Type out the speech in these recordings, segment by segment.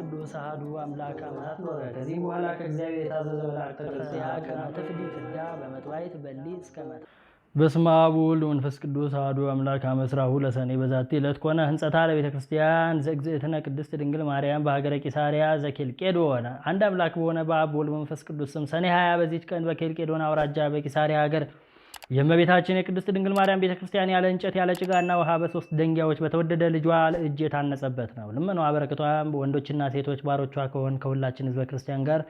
ቅዱስ አህዱ አምላክ አማት ኖረ። ከዚህ በኋላ ከእግዚአብሔር የታዘዘ መልአክ ተቀጽያ ቀናተ ፍዲት ዳ በመጥዋዕት በሊ እስከ መጣ በስመ አብ ወወልድ ወመንፈስ ቅዱስ አሐዱ አምላክ አመስራሁ ለሰኔ በዛቲ ዕለት ኮነ ህንጸታ ለቤተ ክርስቲያን ዘእግዝእትነ ቅድስት ድንግል ማርያም በሀገረ ቂሳሪያ ዘኬልቄዶ ሆነ። አንድ አምላክ በሆነ በአብ ወወልድ መንፈስ ቅዱስ ስም ሰኔ ሀያ በዚች ቀን በኬልቄዶን አውራጃ በቂሳሪያ ሀገር የእመቤታችን የቅድስት ድንግል ማርያም ቤተክርስቲያን ያለ እንጨት ያለ ጭጋና ውሃ በሶስት ደንጊያዎች በተወደደ ልጇ እጅ የታነጸበት ነው። ልመኗ በረከቷም ወንዶችና ሴቶች ባሮቿ ከሆን ከሁላችን ህዝበ ክርስቲያን ጋር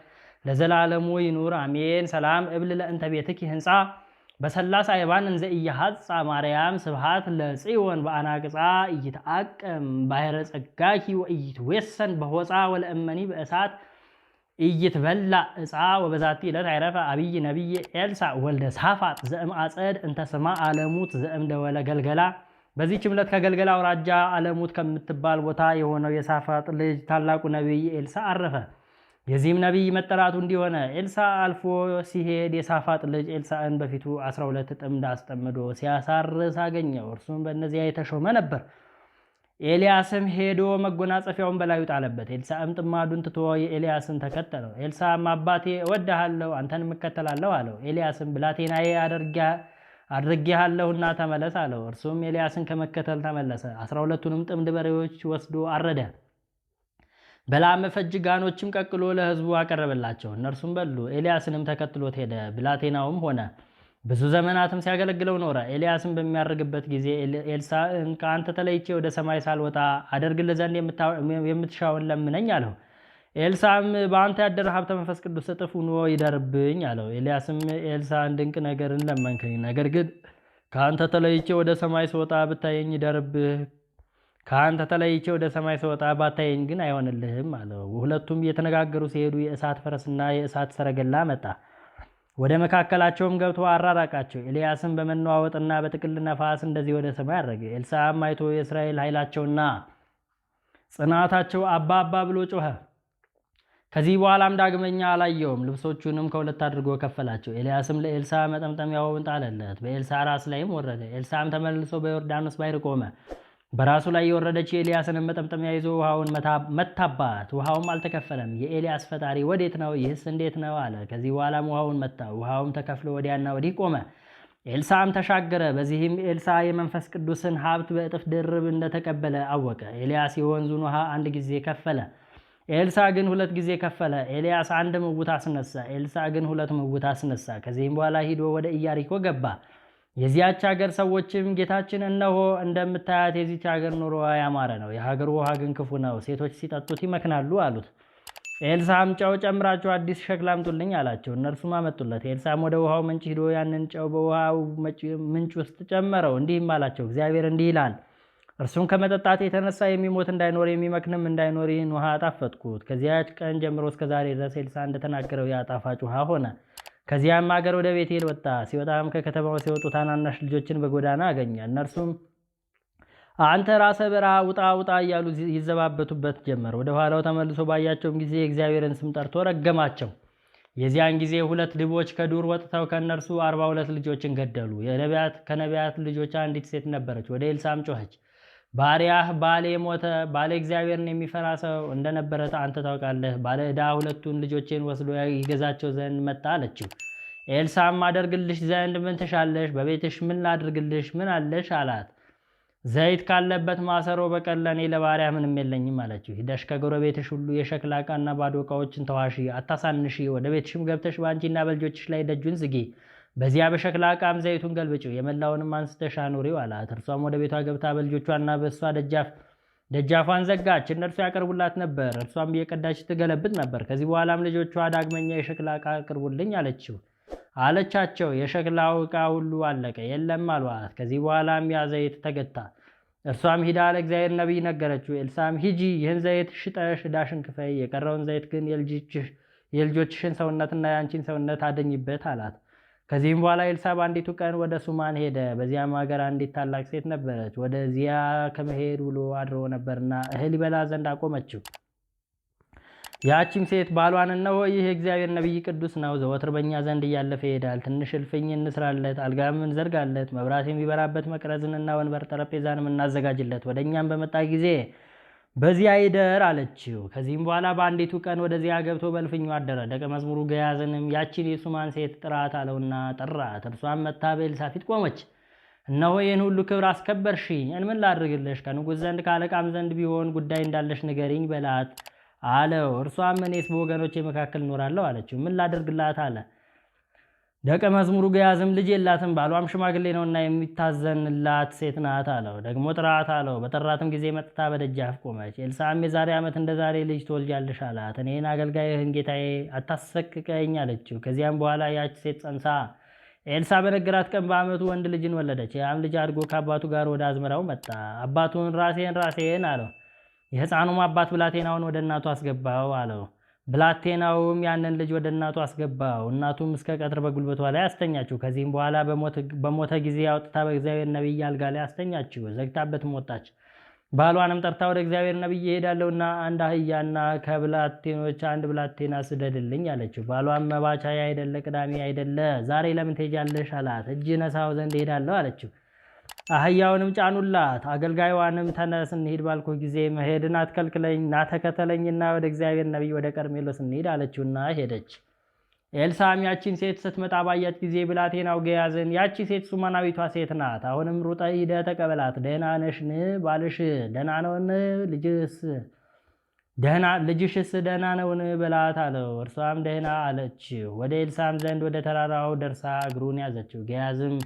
ለዘላለሙ ይኑር አሜን። ሰላም እብል ለእንተ ቤትኪ ህንፃ በሰላሳ አይባን እንዘ ኢያሃጽ ማርያም ስብሃት ለጽዮን በአናቅፃ እይተአቅም ባሕረ ጸጋኪ ወሰን በሆፃ ወለእመኒ በእሳት ኢይትበላ እፃ ወበዛቲ ዕለት አይረፈ አብይ ነቢይ ኤልሳ ወልደ ሳፋጥ ዘእም እንተ እንተስማ አለሙት ደወለ ገልገላ። በዚህች ዕለት ከገልገላ አውራጃ አለሙት ከምትባል ቦታ የሆነው የሳፋጥ ልጅ ታላቁ ነቢይ ኤልሳ አረፈ። የዚህም ነቢይ መጠራቱ እንዲሆነ ኤልሳ አልፎ ሲሄድ የሳፋጥ ልጅ ኤልሳዕን በፊቱ 12 ጥምድ አስጠምዶ ሲያሳርስ አገኘው። እርሱም በእነዚያ የተሾመ ነበር። ኤልያስም ሄዶ መጎናጸፊያውን በላዩ ጣለበት። ኤልሳዕም ጥማዱን ትቶ የኤልያስን ተከተለው። ኤልሳዕም አባቴ እወድሃለሁ፣ አንተን እከተላለሁ አለው። ኤልያስም ብላቴናዬ አድርጌሃለሁና ተመለስ አለው። እርሱም ኤልያስን ከመከተል ተመለሰ። አስራ ሁለቱንም ጥምድ በሬዎች ወስዶ አረደ። በላመ ፈጅ ጋኖችም ቀቅሎ ለሕዝቡ አቀረበላቸው። እነርሱም በሉ። ኤልያስንም ተከትሎት ሄደ፣ ብላቴናውም ሆነ። ብዙ ዘመናትም ሲያገለግለው ኖረ። ኤልያስም በሚያርግበት ጊዜ ኤልሳዕን ከአንተ ተለይቼ ወደ ሰማይ ሳልወጣ አደርግል ዘንድ የምትሻውን ለምነኝ አለው። ኤልሳዕም በአንተ ያደረ ሀብተ መንፈስ ቅዱስ እጥፍ ሆኖ ይደርብኝ አለው። ኤልያስም ኤልሳዕን ድንቅ ነገርን ለመንከኝ፣ ነገር ግን ከአንተ ተለይቼ ወደ ሰማይ ስወጣ ብታየኝ ይደርብህ ከአንተ ተለይቼ ወደ ሰማይ ስወጣ ባታየኝ ግን አይሆንልህም አለው። ሁለቱም እየተነጋገሩ ሲሄዱ የእሳት ፈረስና የእሳት ሰረገላ መጣ። ወደ መካከላቸውም ገብቶ አራራቃቸው። ኤልያስም በመነዋወጥና በጥቅል ነፋስ እንደዚህ ወደ ሰማይ አረገ። ኤልሳዕም አይቶ የእስራኤል ኃይላቸውና ጽናታቸው አባ አባ ብሎ ጮኸ። ከዚህ በኋላም ዳግመኛ አላየውም። ልብሶቹንም ከሁለት አድርጎ ከፈላቸው። ኤልያስም ለኤልሳ መጠምጠሚያውን ጣለለት፣ በኤልሳ ራስ ላይም ወረደ። ኤልሳም ተመልሶ በዮርዳኖስ ባይር ቆመ። በራሱ ላይ የወረደች የኤልያስን መጠምጠሚያ ይዞ ውሃውን መታባት፣ ውሃውም አልተከፈለም። የኤልያስ ፈጣሪ ወዴት ነው? ይህስ እንዴት ነው አለ። ከዚህ በኋላም ውሃውን መታ፣ ውሃውም ተከፍሎ ወዲያና ወዲህ ቆመ። ኤልሳም ተሻገረ። በዚህም ኤልሳ የመንፈስ ቅዱስን ሀብት በእጥፍ ድርብ እንደተቀበለ አወቀ። ኤልያስ የወንዙን ውሃ አንድ ጊዜ ከፈለ፣ ኤልሳ ግን ሁለት ጊዜ ከፈለ። ኤልያስ አንድ ምውት አስነሳ፣ ኤልሳ ግን ሁለት ምውት አስነሳ። ከዚህም በኋላ ሂዶ ወደ ኢያሪኮ ገባ። የዚያች ሀገር ሰዎችም ጌታችን እነሆ እንደምታያት የዚች ሀገር ኑሮ ያማረ ነው፣ የሀገር ውሃ ግን ክፉ ነው፣ ሴቶች ሲጠጡት ይመክናሉ አሉት። ኤልሳም ጨው ጨምራችሁ አዲስ ሸክላ አምጡልኝ አላቸው። እነርሱም አመጡለት። ኤልሳም ወደ ውሃው ምንጭ ሂዶ ያንን ጨው በውሃው ምንጭ ውስጥ ጨመረው። እንዲህም አላቸው፣ እግዚአብሔር እንዲህ ይላል፣ እርሱም ከመጠጣት የተነሳ የሚሞት እንዳይኖር የሚመክንም እንዳይኖር ይህን ውሃ አጣፈጥኩት። ከዚያች ቀን ጀምሮ እስከዛሬ ድረስ ኤልሳ እንደተናገረው የአጣፋጭ ውሃ ሆነ። ከዚያም አገር ወደ ቤቴል ወጣ። ሲወጣም ከከተማው ሲወጡ ታናናሽ ልጆችን በጎዳና አገኘ። እነርሱም አንተ ራሰ በራ ውጣ ውጣ እያሉ ይዘባበቱበት ጀመር። ወደ ኋላው ተመልሶ ባያቸውም ጊዜ የእግዚአብሔርን ስም ጠርቶ ረገማቸው። የዚያን ጊዜ ሁለት ድቦች ከዱር ወጥተው ከእነርሱ አርባ ሁለት ልጆችን ገደሉ። ከነቢያት ልጆች አንዲት ሴት ነበረች። ወደ ኤልሳም ጮኸች፣ ባሪያህ ባሌ ሞተ፣ ባለ እግዚአብሔርን የሚፈራ ሰው እንደነበረ አንተ ታውቃለህ። ባለ ዕዳ ሁለቱን ልጆቼን ወስዶ ይገዛቸው ዘንድ መጣ አለችው። ኤልሳም አደርግልሽ ዘንድ ምን ትሻለሽ? በቤትሽ ምን ላድርግልሽ? ምን አለሽ? አላት። ዘይት ካለበት ማሰሮ በቀር ለእኔ ለባሪያ ምንም የለኝም አለችው። ሂደሽ ከጎረቤትሽ ሁሉ የሸክላ ዕቃና ባዶ ዕቃዎችን ተዋሺ፣ አታሳንሺ። ወደ ቤትሽም ገብተሽ በአንቺና በልጆችሽ ላይ ደጁን ዝጊ በዚያ በሸክላ ዕቃም ዘይቱን ገልብጪው፣ የመላውንም አንስተሽ አኑሪው አላት። እርሷም ወደ ቤቷ ገብታ በልጆቿና በእሷ ደጃፍ ደጃፏን ዘጋች። እነርሱ ያቀርቡላት ነበር፣ እርሷም እየቀዳች ትገለብጥ ነበር። ከዚህ በኋላም ልጆቿ ዳግመኛ የሸክላ ዕቃ አቅርቡልኝ አለችው አለቻቸው። የሸክላው ዕቃ ሁሉ አለቀ፣ የለም አሏት። ከዚህ በኋላም ያ ዘይት ተገታ። እርሷም ሂዳ ለእግዚአብሔር ነቢይ ነገረችው። ኤልሳም ሂጂ፣ ይህን ዘይት ሽጠሽ ዕዳሽን ክፈይ፣ የቀረውን ዘይት ግን የልጆችሽን ሰውነትና የአንቺን ሰውነት አደኝበት አላት። ከዚህም በኋላ ኤልሳዕ በአንዲቱ ቀን ወደ ሱማን ሄደ። በዚያም ሀገር አንዲት ታላቅ ሴት ነበረች። ወደዚያ ከመሄድ ውሎ አድሮ ነበርና እህል ይበላ ዘንድ አቆመችው። ያቺም ሴት ባሏን፣ እነሆ ይህ የእግዚአብሔር ነቢይ ቅዱስ ነው፣ ዘወትር በእኛ ዘንድ እያለፈ ይሄዳል። ትንሽ እልፍኝ እንስራለት፣ አልጋም እንዘርጋለት፣ መብራት የሚበራበት መቅረዝንና ወንበር ጠረጴዛንም እናዘጋጅለት። ወደ እኛም በመጣ ጊዜ በዚያ ይደር አለችው። ከዚህም በኋላ በአንዲቱ ቀን ወደዚያ ገብቶ በልፍኙ አደረ። ደቀ መዝሙሩ ገያዝንም ያቺን የሱማን ሴት ጥራት አለውና ጠራት። እርሷን መታ በኤልሳዕ ፊት ቆመች። እነሆ ይህን ሁሉ ክብር አስከበርሽኝ፣ ምን ላድርግልሽ? ከንጉሥ ዘንድ ከአለቃም ዘንድ ቢሆን ጉዳይ እንዳለሽ ንገሪኝ በላት አለው። እርሷም እኔስ በወገኖቼ መካከል እኖራለሁ አለችው። ምን ላድርግላት አለ ደቀ መዝሙሩ ገያዝም ልጅ የላትም፣ ባሏም ሽማግሌ ነውና የሚታዘንላት ሴት ናት አለው። ደግሞ ጥራት አለው። በጠራትም ጊዜ መጥታ በደጃፍ ቆመች። ኤልሳም የዛሬ ዓመት እንደ ዛሬ ልጅ ትወልጃለሽ አላት። እኔን አገልጋይህን ጌታዬ አታሰቅቀኝ አለችው። ከዚያም በኋላ ያች ሴት ጸንሳ ኤልሳ በነገራት ቀን በዓመቱ ወንድ ልጅን ወለደች። ያም ልጅ አድጎ ከአባቱ ጋር ወደ አዝመራው መጣ። አባቱን ራሴን ራሴን አለው። የሕፃኑም አባት ብላቴናውን ወደ እናቱ አስገባው አለው። ብላቴናውም ያንን ልጅ ወደ እናቱ አስገባው። እናቱም እስከ ቀትር በጉልበቷ ላይ አስተኛችው። ከዚህም በኋላ በሞተ ጊዜ አውጥታ በእግዚአብሔር ነቢይ አልጋ ላይ አስተኛችው፣ ዘግታበትም ወጣች። ባሏንም ጠርታ ወደ እግዚአብሔር ነቢይ እሄዳለሁና አንድ አህያና ከብላቴኖች አንድ ብላቴና ስደድልኝ አለችው። ባሏን መባቻ አይደለ ቅዳሜ አይደለ ዛሬ ለምን ትሄጃለሽ አላት። እጅ ነሳው ዘንድ እሄዳለሁ አለችው። አህያውንም ጫኑላት። አገልጋይዋንም ተነስ እንሂድ ባልኩ ጊዜ መሄድን አትከልክለኝ፣ ናተከተለኝና ወደ እግዚአብሔር ነቢይ ወደ ቀርሜሎስ እንሂድ አለችውና ሄደች። ኤልሳም ያቺን ሴት ስትመጣ ባያት ጊዜ ብላቴናው ገያዝን፣ ያቺ ሴት ሱማናዊቷ ሴት ናት፣ አሁንም ሩጠ ሂደ ተቀበላት። ደህና ነሽን? ባልሽ ደህና ነውን? ልጅስ ደህና ልጅሽስ ደህና ነውን? በላት አለው። እርሷም ደህና አለች። ወደ ኤልሳም ዘንድ ወደ ተራራው ደርሳ እግሩን ያዘችው። ገያዝም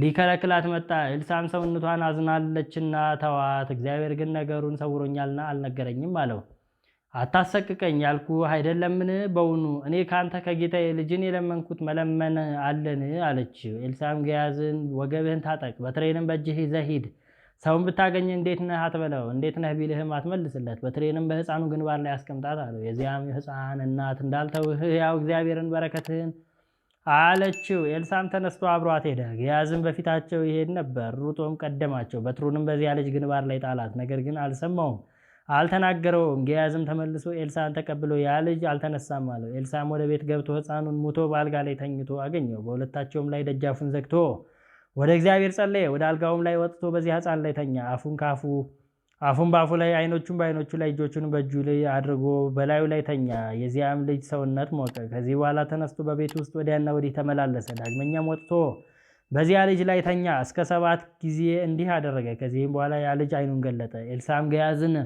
ሊከለክላት መጣ። ኤልሳም ሰውነቷን አዝናለችና ተዋት፣ እግዚአብሔር ግን ነገሩን ሰውሮኛልና አልነገረኝም አለው። አታሰቅቀኝ ያልኩ አይደለምን? በውኑ እኔ ካንተ ከጌታ ልጅን የለመንኩት መለመን አለን? አለች ኤልሳም ገያዝን፣ ወገብህን ታጠቅ፣ በትሬንም በእጅህ ይዘህ ሂድ። ሰውን ብታገኝ እንዴት ነህ አትበለው፣ እንዴት ነህ ቢልህም አትመልስለት። በትሬንም በህፃኑ ግንባር ላይ አስቀምጣት አለው። የዚያም ህፃን እናት እንዳልተውህ ያው እግዚአብሔርን በረከትህን አለችው። ኤልሳም ተነስቶ አብሯት ሄደ። ግያዝም በፊታቸው ይሄድ ነበር፣ ሩጦም ቀደማቸው። በትሩንም በዚያ ልጅ ግንባር ላይ ጣላት። ነገር ግን አልሰማውም፣ አልተናገረውም። ግያዝም ተመልሶ ኤልሳን ተቀብሎ ያ ልጅ አልተነሳም አለው። ኤልሳም ወደ ቤት ገብቶ ሕፃኑን ሙቶ በአልጋ ላይ ተኝቶ አገኘው። በሁለታቸውም ላይ ደጃፉን ዘግቶ ወደ እግዚአብሔር ጸለየ። ወደ አልጋውም ላይ ወጥቶ በዚያ ሕፃን ላይ ተኛ። አፉን ካፉ አፉን በአፉ ላይ አይኖቹን በአይኖቹ ላይ እጆቹን በእጁ ላይ አድርጎ በላዩ ላይ ተኛ። የዚያም ልጅ ሰውነት ሞቀ። ከዚህ በኋላ ተነስቶ በቤት ውስጥ ወዲያና ወዲህ ተመላለሰ። ዳግመኛም ወጥቶ በዚያ ልጅ ላይ ተኛ እስከ ሰባት ጊዜ እንዲህ አደረገ። ከዚህም በኋላ ያ ልጅ አይኑን ገለጠ። ኤልሳም ገያዝን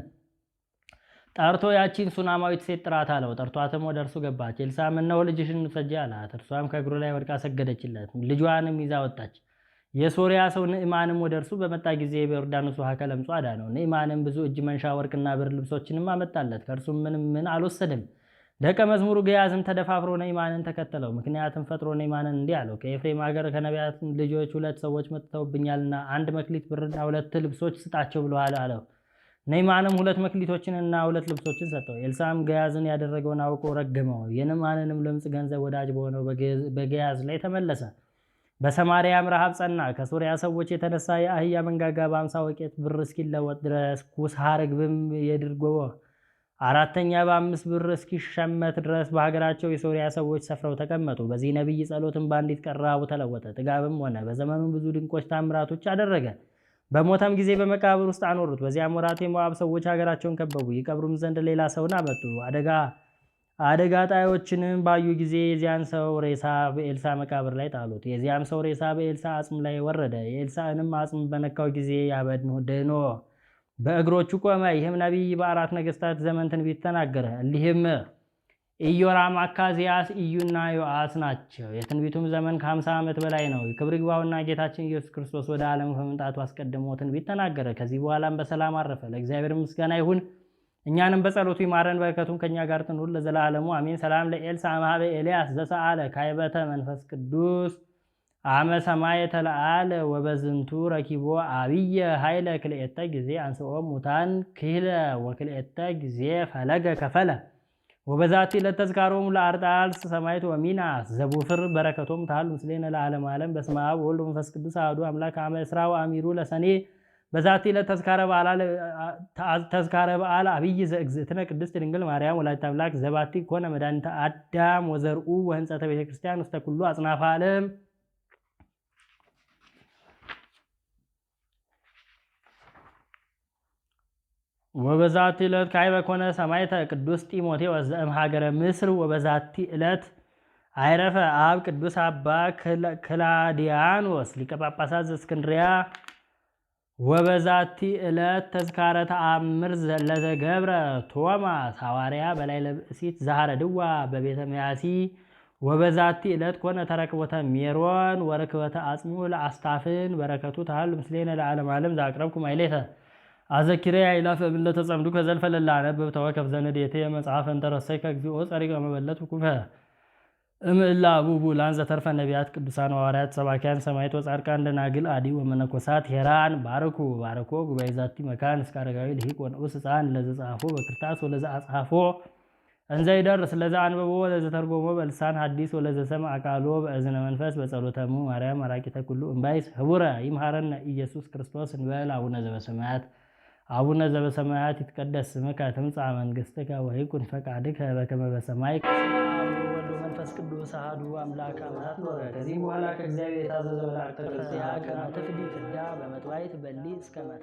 ጠርቶ ያቺን ሱናማዊት ሴት ጥራት አለው። ጠርቷትም ወደ እርሱ ገባች። ኤልሳም እነሆ ልጅሽን ውሰጂ አላት። እርሷም ከእግሩ ላይ ወድቃ ሰገደችለት። ልጇንም ይዛ ወጣች። የሶሪያ ሰው ንዕማንም ወደ እርሱ በመጣ ጊዜ በዮርዳኖስ ውሃ ከለምጹ አዳነው። ንዕማንም ብዙ እጅ መንሻ ወርቅና ብር ልብሶችንም አመጣለት፣ ከእርሱም ምንም ምን አልወሰድም። ደቀ መዝሙሩ ገያዝም ተደፋፍሮ ነኢማንን ተከተለው። ምክንያትም ፈጥሮ ነኢማንን እንዲህ አለው፣ ከኤፍሬም ሀገር ከነቢያት ልጆች ሁለት ሰዎች መጥተውብኛልና አንድ መክሊት ብርና ሁለት ልብሶች ስጣቸው ብለዋል አለው። ነኢማንም ሁለት መክሊቶችንና ሁለት ልብሶችን ሰጠው። ኤልሳም ገያዝን ያደረገውን አውቆ ረገመው። የንዕማንንም ልምፅ ገንዘብ ወዳጅ በሆነው በገያዝ ላይ ተመለሰ። በሰማርያም ረሃብ ጸና። ከሶርያ ሰዎች የተነሳ የአህያ መንጋጋ በአምሳ ወቄት ብር እስኪለወጥ ድረስ ኩሳ ርግብም የድርጎ አራተኛ በአምስት ብር እስኪሸመት ድረስ በሀገራቸው የሶርያ ሰዎች ሰፍረው ተቀመጡ። በዚህ ነቢይ ጸሎትም በአንዲት ቀራቡ ተለወጠ፣ ጥጋብም ሆነ። በዘመኑም ብዙ ድንቆች ታምራቶች አደረገ። በሞተም ጊዜ በመቃብር ውስጥ አኖሩት። በዚያም ወራት የሞዓብ ሰዎች ሀገራቸውን ከበቡ፣ ይቀብሩም ዘንድ ሌላ ሰውን አመጡ። አደጋ አደጋ ጣዮችንም ባዩ ጊዜ የዚያን ሰው ሬሳ በኤልሳ መቃብር ላይ ጣሉት። የዚያም ሰው ሬሳ በኤልሳ አጽም ላይ ወረደ። የኤልሳንም አጽም በነካው ጊዜ ያበድኑ ደኖ በእግሮቹ ቆመ። ይህም ነቢይ በአራት ነገስታት ዘመን ትንቢት ተናገረ። እሊህም ኢዮራም፣ አካዚያስ፣ ኢዩና ዮአስ ናቸው። የትንቢቱም ዘመን ከ50 ዓመት በላይ ነው። ክብር ይግባውና ጌታችን ኢየሱስ ክርስቶስ ወደ ዓለም ከመምጣቱ አስቀድሞ ትንቢት ተናገረ። ከዚህ በኋላም በሰላም አረፈ። ለእግዚአብሔር ምስጋና ይሁን። እኛንም በጸሎቱ ይማረን፣ በረከቱም ከእኛ ጋር ትኑር ለዘላለሙ አሜን። ሰላም ለኤልሳ ማህበ ኤልያስ ዘሰአለ ካይበተ መንፈስ ቅዱስ አመ ሰማየ ተለአለ ወበዝንቱ ረኪቦ አብየ ኃይለ ክልኤተ ጊዜ አንስኦ ሙታን ክህለ ወክልኤተ ጊዜ ፈለገ ከፈለ ወበዛቲ ለተዝካሮሙ ለአርጣልስ ሰማይት ወሚናስ ዘቡፍር በረከቶም ታሉ ምስሌነ ለዓለም ዓለም በስመ አብ ወወልድ ወመንፈስ ቅዱስ አሐዱ አምላክ አመ እስራ ወአሚሩ ለሰኔ በዛቲ ዕለት ተዝካረ በዓል አብይ ዘእግዝእትነ ቅድስት ድንግል ማርያም ወላዲተ አምላክ ዘባቲ ኮነ መድኃኒተ አዳም ወዘርኡ ወህንፀተ ቤተክርስቲያን ውስተ ኩሉ አጽናፈ ዓለም። ወበዛቲ ዕለት ካዕበ ኮነ ሰማዕተ ቅዱስ ጢሞቴ ጢሞቴዎስ ሀገረ ምስር። ወበዛቲ ዕለት አይረፈ አብ ቅዱስ አባ ክላዲያኖስ ሊቀ ጳጳሳት ዘእስክንድርያ ወበዛቲ ዕለት ተዝካረ ተአምር ለተገብረ ቶማስ ሐዋርያ በላይ ለብእሲት ዛሃረድዋ በቤተ መያሲ ወበዛቲ ዕለት ኮነ ተረክቦተ ሜሮን ወረክበተ አጽሙ ለአስታፍን በረከቱ ታህሉ ምስሌነ ለዓለም ዓለም ዘአቅረብኩ ማይሌተ አዘኪሬ አይላፈ ብለ ተጸምዱ ከዘልፈ ለላ ነበብተወ ከፍዘነዴቴ መጽሐፈ እንተረሰይ ከግዚኦ ጸሪቀ መበለት ኩፈ እምእላ ቡቡ ላንዘ ተርፈ ነቢያት ቅዱሳን ሐዋርያት ሰባኪያን ሰማዕት ወጻድቃን ደናግል አዲ ወመነኮሳት ሄራን ባርኩ ባርኮ ጉባኤ ዛቲ መካን እስከ አረጋዊ ልሂቅ ወንዑስ ሕፃን ለዘ በክርታስ ወለዘ አጻፎ እንዘ ይደርስ ለዘ አንበቦ ወለዘ ተርጎሞ በልሳን ሐዲስ ወለዘ ሰም ቃሎ በእዝነ መንፈስ በጸሎተሙ ማርያም አራቂተ ኩሉ እምባይስ ህቡረ ይምሃረነ ኢየሱስ ክርስቶስ እንበል አቡነ ዘበሰማያት አቡነ ዘበሰማያት ይትቀደስ ስምከ ትምጻእ መንግሥትከ ወይኩን ፈቃድከ በከመ በሰማይ መንፈስ ቅዱስ አሐዱ አምላክ አማት ኖረ። ከዚህም በኋላ ከእግዚአብሔር የታዘዘ መልአክ ተነሳ። ከማተ ፍዲት ዳ በመጥዋዕት በሊ እስከ መጣ